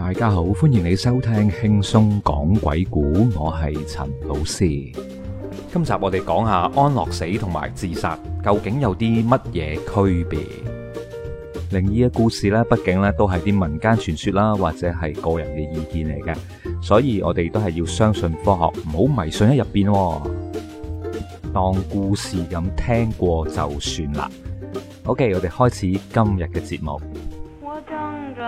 大家好，歡迎你收聽輕鬆講鬼故，我係陳老師。今集我哋講下安樂死同埋自殺究竟有啲乜嘢區別？靈異嘅故事咧，畢竟咧都係啲民間傳說啦，或者係個人嘅意見嚟嘅，所以我哋都係要相信科學，唔好迷信喺入邊，當故事咁聽過就算啦。OK，我哋開始今日嘅節目。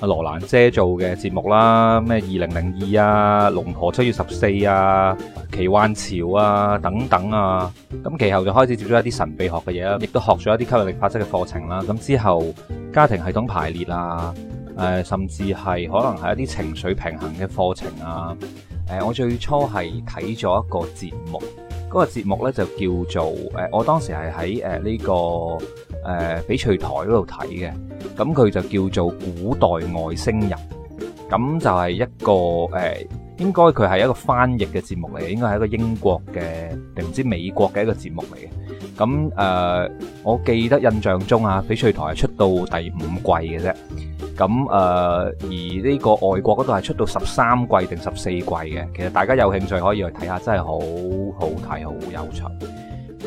阿羅蘭姐做嘅節目啦，咩二零零二啊，龍婆七月十四啊，奇幻潮啊，等等啊，咁其後就開始接觸一啲神秘學嘅嘢，亦都學咗一啲吸引力法則嘅課程啦。咁之後家庭系統排列啊，誒、呃，甚至係可能係一啲情緒平衡嘅課程啊。誒、呃，我最初係睇咗一個節目，嗰，那個節目呢就叫做誒、呃，我當時係喺誒呢個。呃，翡翠台嗰度睇嘅，咁佢就叫做古代外星人，咁就係一個呃，應該佢係一個翻譯嘅節目嚟嘅，應該係一個英國嘅定唔知美國嘅一個節目嚟嘅。咁呃，我記得印象中啊，翡翠台係出到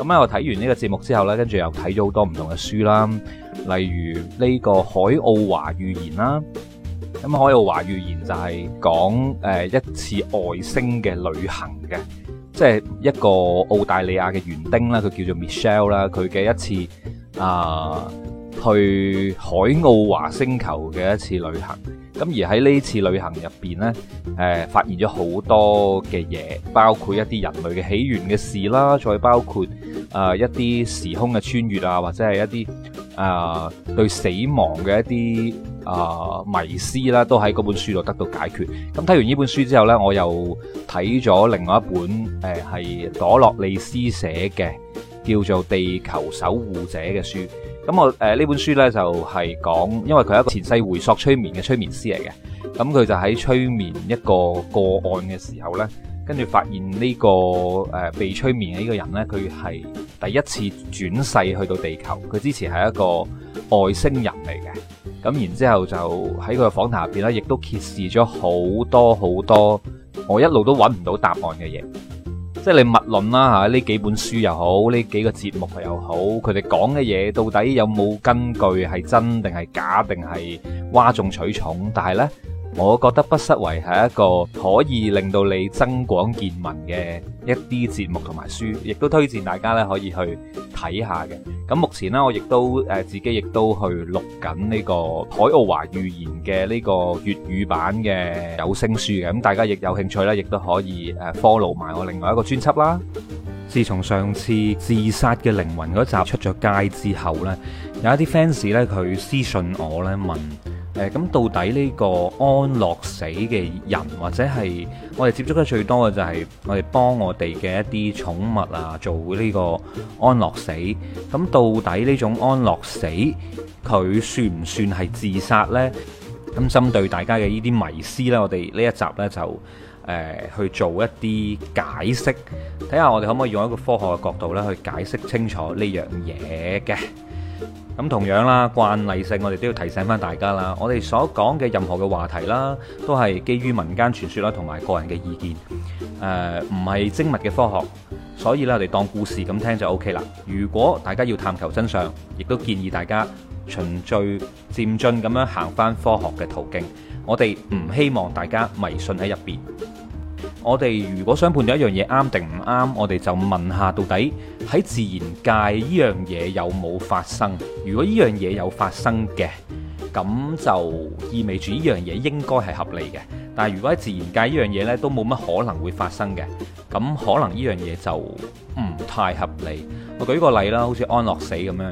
咁咧、嗯，我睇完呢個節目之後呢，跟住又睇咗好多唔同嘅書啦，例如呢、呢個《海奧華預言》啦。咁、嗯，《海奧華預言》就係講誒一次外星嘅旅行嘅，即係一個澳大利亞嘅園丁啦，佢叫做 Michelle 啦，佢嘅一次啊、呃、去海奧華星球嘅一次旅行。咁而喺呢次旅行入邊呢，誒、呃、發現咗好多嘅嘢，包括一啲人類嘅起源嘅事啦，再包括啊、呃、一啲時空嘅穿越啊，或者係一啲啊、呃、對死亡嘅一啲啊、呃、迷思啦，都喺嗰本書度得到解決。咁、嗯、睇完呢本書之後呢，我又睇咗另外一本誒係、呃、朵洛利斯寫嘅叫做《地球守護者》嘅書。咁我誒呢、呃、本書呢，就係、是、講，因為佢係一個前世回溯催眠嘅催眠師嚟嘅，咁佢就喺催眠一個個案嘅時候呢，跟住發現呢、這個誒、呃、被催眠嘅呢個人呢，佢係第一次轉世去到地球，佢之前係一個外星人嚟嘅，咁然之後就喺佢嘅訪談入邊呢，亦都揭示咗好多好多，我一路都揾唔到答案嘅嘢。即係你勿論啦吓，呢幾本書又好，呢幾個節目又好，佢哋講嘅嘢到底有冇根據？係真定係假定係嘩眾取寵？但係呢。我覺得不失為係一個可以令到你增廣見聞嘅一啲節目同埋書，亦都推薦大家咧可以去睇下嘅。咁目前呢，我亦都誒自己亦都去錄緊呢個海奧華預言嘅呢個粵語版嘅有聲書嘅。咁大家亦有興趣咧，亦都可以誒 follow 埋我另外一個專輯啦。自從上次自殺嘅靈魂嗰集出咗街之後呢，有一啲 fans 呢，佢私信我咧問。誒咁到底呢個安樂死嘅人或者係我哋接觸得最多嘅就係我哋幫我哋嘅一啲寵物啊做呢個安樂死。咁到底呢種安樂死佢算唔算係自殺呢？咁針對大家嘅呢啲迷思呢，我哋呢一集呢，就、呃、誒去做一啲解釋，睇下我哋可唔可以用一個科學嘅角度呢，去解釋清楚呢樣嘢嘅。咁同樣啦，慣例性我哋都要提醒翻大家啦，我哋所講嘅任何嘅話題啦，都係基於民間傳說啦，同埋個人嘅意見，誒唔係精密嘅科學，所以咧我哋當故事咁聽就 OK 啦。如果大家要探求真相，亦都建議大家循序漸進咁樣行翻科學嘅途徑，我哋唔希望大家迷信喺入邊。我哋如果想判斷一樣嘢啱定唔啱，我哋就問下到底喺自然界呢樣嘢有冇發生。如果呢樣嘢有發生嘅，咁就意味住呢樣嘢應該係合理嘅。但係如果喺自然界呢樣嘢咧都冇乜可能會發生嘅，咁可能呢樣嘢就唔太合理。我舉個例啦，好似安樂死咁樣，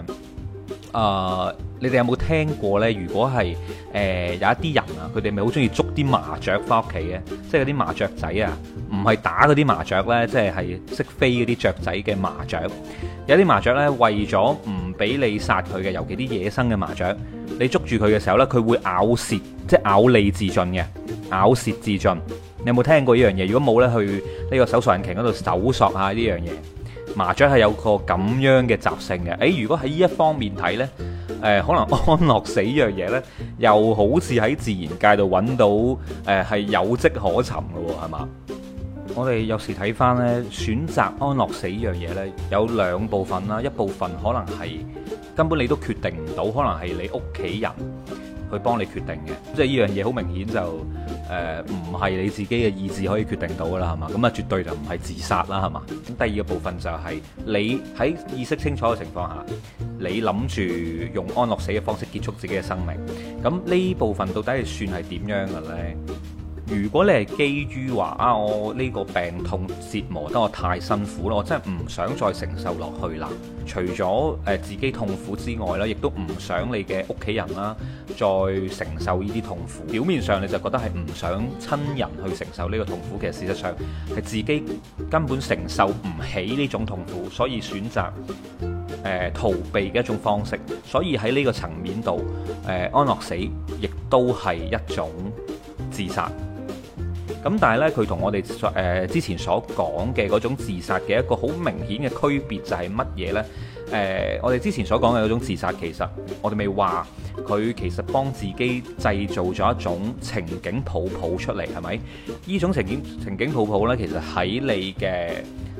啊、呃。你哋有冇聽過呢？如果係誒、呃、有一啲人啊，佢哋咪好中意捉啲麻雀返屋企嘅，即係啲麻雀仔啊，唔係打嗰啲麻雀呢，即係係識飛嗰啲雀仔嘅麻雀。有啲麻雀呢，為咗唔俾你殺佢嘅，尤其啲野生嘅麻雀，你捉住佢嘅時候呢，佢會咬舌，即係咬脷自盡嘅，咬舌自盡。你有冇聽過呢樣嘢？如果冇呢，去呢個搜索引擎嗰度搜索一下呢樣嘢。麻雀係有個咁樣嘅習性嘅。誒、欸，如果喺呢一方面睇呢。誒、呃、可能安樂死呢樣嘢呢，又好似喺自然界度揾到，誒係、呃、有跡可尋咯，係嘛？ 我哋有時睇翻呢，選擇安樂死呢樣嘢呢，有兩部分啦，一部分可能係根本你都決定唔到，可能係你屋企人。去幫你決定嘅，即係呢樣嘢好明顯就誒唔係你自己嘅意志可以決定到㗎啦，係嘛？咁啊絕對就唔係自殺啦，係嘛？咁第二個部分就係、是、你喺意識清楚嘅情況下，你諗住用安樂死嘅方式結束自己嘅生命，咁呢部分到底係算係點樣嘅咧？如果你係基於話啊，我呢個病痛折磨得我太辛苦啦，我真係唔想再承受落去啦。除咗誒、呃、自己痛苦之外咧，亦都唔想你嘅屋企人啦、啊、再承受呢啲痛苦。表面上你就覺得係唔想親人去承受呢個痛苦，其實事實上係自己根本承受唔起呢種痛苦，所以選擇誒、呃、逃避嘅一種方式。所以喺呢個層面度，誒、呃、安樂死亦都係一種自殺。咁但係呢，佢同我哋誒、呃、之前所講嘅嗰種自殺嘅一個好明顯嘅區別就係乜嘢呢？誒、呃，我哋之前所講嘅嗰種自殺，其實我哋未話佢其實幫自己製造咗一種情景泡泡出嚟，係咪？呢種情景情景泡泡呢，其實喺你嘅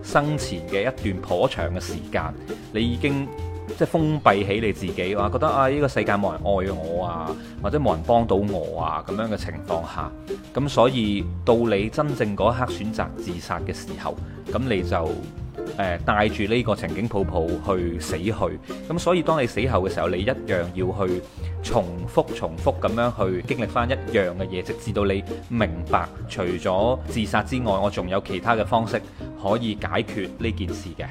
生前嘅一段頗長嘅時間，你已經。即係封閉起你自己，話覺得啊，呢個世界冇人愛我啊，或者冇人幫到我啊，咁樣嘅情況下，咁所以到你真正嗰一刻選擇自殺嘅時候，咁你就誒帶住呢個情景抱抱去死去。咁所以當你死後嘅時候，你一樣要去重複重複咁樣去經歷翻一樣嘅嘢，直至到你明白，除咗自殺之外，我仲有其他嘅方式可以解決呢件事嘅。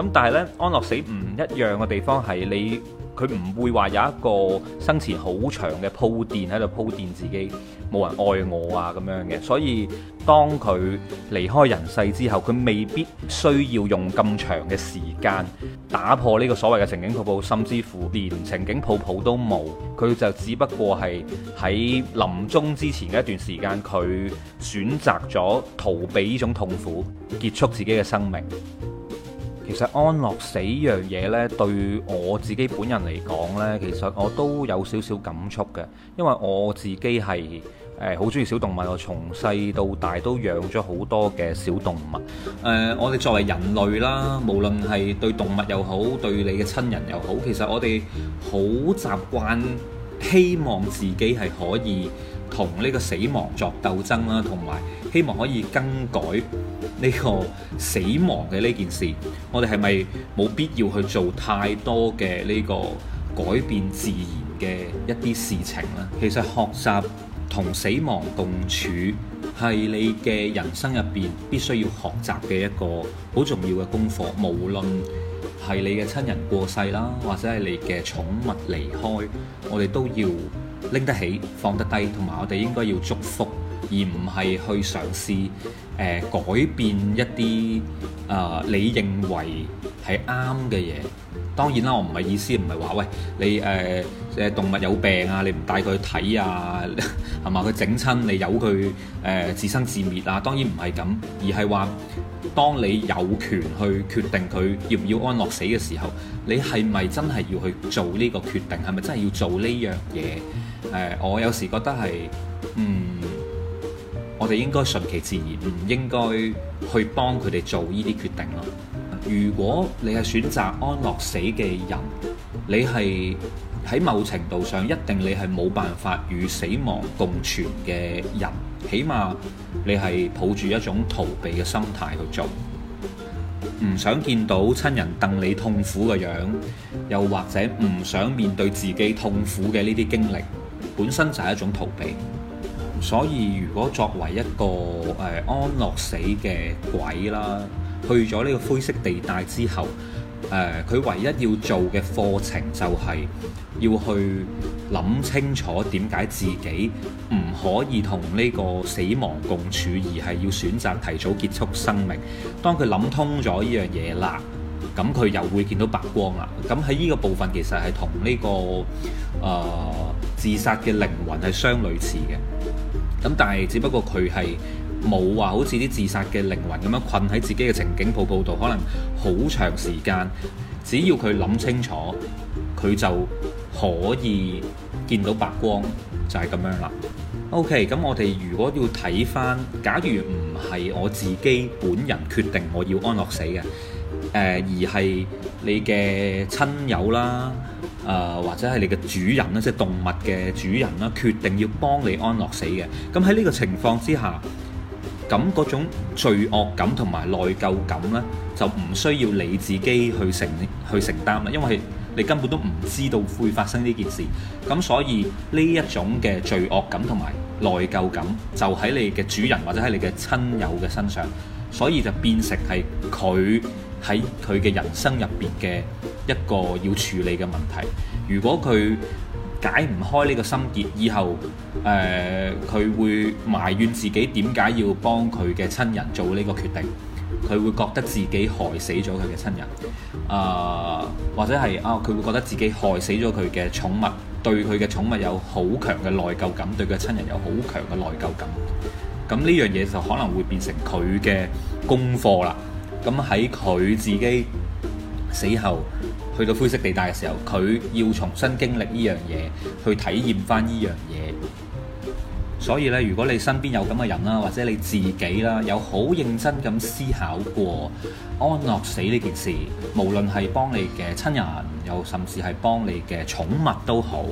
咁但係呢，安樂死唔一樣嘅地方係你佢唔會話有一個生前好長嘅鋪墊喺度鋪墊自己，冇人愛我啊咁樣嘅。所以當佢離開人世之後，佢未必需要用咁長嘅時間打破呢個所謂嘅情景泡泡，甚至乎連情景泡泡都冇。佢就只不過係喺臨終之前嘅一段時間，佢選擇咗逃避呢種痛苦，結束自己嘅生命。其實安樂死呢樣嘢呢，對我自己本人嚟講呢，其實我都有少少感觸嘅，因為我自己係誒好中意小動物，我從細到大都養咗好多嘅小動物。誒、呃，我哋作為人類啦，無論係對動物又好，對你嘅親人又好，其實我哋好習慣希望自己係可以。同呢個死亡作鬥爭啦，同埋希望可以更改呢個死亡嘅呢件事，我哋係咪冇必要去做太多嘅呢個改變自然嘅一啲事情呢？其實學習同死亡共處係你嘅人生入邊必須要學習嘅一個好重要嘅功課，無論係你嘅親人過世啦，或者係你嘅寵物離開，我哋都要。拎得起，放得低，同埋我哋應該要祝福，而唔係去嘗試誒、呃、改變一啲啊、呃、你認為係啱嘅嘢。當然啦，我唔係意思，唔係話喂你誒誒、呃、動物有病啊，你唔帶佢去睇啊，係嘛？佢整親你，由佢誒自生自滅啊。當然唔係咁，而係話，當你有權去決定佢要唔要安樂死嘅時候，你係咪真係要去做呢個決定？係咪真係要做呢樣嘢？誒、呃，我有時覺得係，嗯，我哋應該順其自然，唔應該去幫佢哋做呢啲決定咯。如果你係選擇安樂死嘅人，你係喺某程度上一定你係冇辦法與死亡共存嘅人，起碼你係抱住一種逃避嘅心態去做，唔想見到親人戥你痛苦嘅樣，又或者唔想面對自己痛苦嘅呢啲經歷，本身就係一種逃避。所以如果作為一個誒、呃、安樂死嘅鬼啦，去咗呢個灰色地帶之後，誒、呃，佢唯一要做嘅課程就係要去諗清楚點解自己唔可以同呢個死亡共處，而係要選擇提早結束生命。當佢諗通咗呢樣嘢啦，咁佢又會見到白光啦。咁喺呢個部分其實係同呢個誒、呃、自殺嘅靈魂係相類似嘅。咁但係只不過佢係。冇話好似啲自殺嘅靈魂咁樣困喺自己嘅情景泡泡度，可能好長時間。只要佢諗清楚，佢就可以見到白光，就係咁樣啦。OK，咁我哋如果要睇翻，假如唔係我自己本人決定我要安樂死嘅，誒而係你嘅親友啦，誒或者係你嘅主人啦，即係動物嘅主人啦，決定要幫你安樂死嘅，咁喺呢個情況之下。咁嗰種罪惡感同埋內疚感呢，就唔需要你自己去承去承擔啦，因為你根本都唔知道會發生呢件事。咁所以呢一種嘅罪惡感同埋內疚感，就喺你嘅主人或者喺你嘅親友嘅身上，所以就變成係佢喺佢嘅人生入邊嘅一個要處理嘅問題。如果佢解唔開呢個心結，以後誒佢、呃、會埋怨自己點解要幫佢嘅親人做呢個決定，佢會覺得自己害死咗佢嘅親人，啊、呃、或者係啊佢會覺得自己害死咗佢嘅寵物，對佢嘅寵物有好強嘅內疚感，對佢嘅親人有好強嘅內疚感。咁呢樣嘢就可能會變成佢嘅功課啦。咁喺佢自己死後，去到灰色地帶嘅時候，佢要重新經歷呢樣嘢，去體驗翻呢樣嘢。所以咧，如果你身邊有咁嘅人啦，或者你自己啦，有好認真咁思考過安樂死呢件事，無論係幫你嘅親人，又甚至係幫你嘅寵物都好，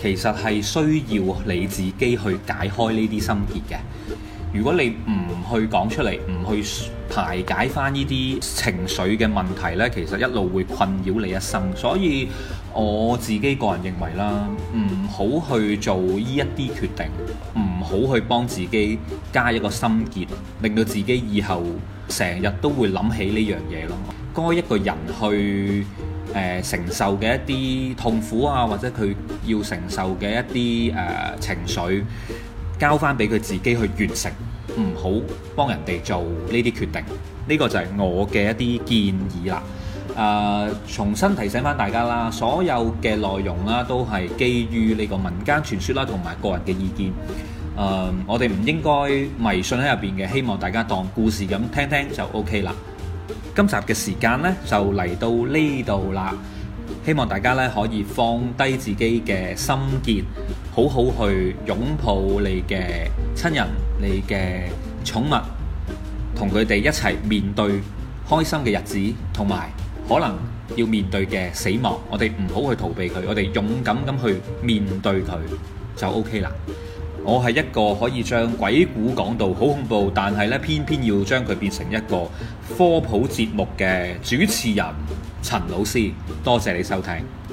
其實係需要你自己去解開呢啲心結嘅。如果你唔去講出嚟，唔去排解翻呢啲情緒嘅問題呢，其實一路會困擾你一生。所以我自己個人認為啦，唔好去做呢一啲決定，唔好去幫自己加一個心結，令到自己以後成日都會諗起呢樣嘢咯。該一個人去、呃、承受嘅一啲痛苦啊，或者佢要承受嘅一啲誒、呃、情緒。交翻俾佢自己去完成，唔好幫人哋做呢啲決定。呢個就係我嘅一啲建議啦。誒，重新提醒翻大家啦，所有嘅內容啦，都係基於呢個民間傳說啦，同埋個人嘅意見。誒，我哋唔應該迷信喺入邊嘅，希望大家當故事咁聽聽就 OK 啦。今集嘅時間呢，就嚟到呢度啦。希望大家咧可以放低自己嘅心結，好好去擁抱你嘅親人、你嘅寵物，同佢哋一齊面對開心嘅日子，同埋可能要面對嘅死亡。我哋唔好去逃避佢，我哋勇敢咁去面對佢就 OK 啦。我係一個可以將鬼故講到好恐怖，但係咧偏偏要將佢變成一個科普節目嘅主持人。陳老師，多謝你收聽。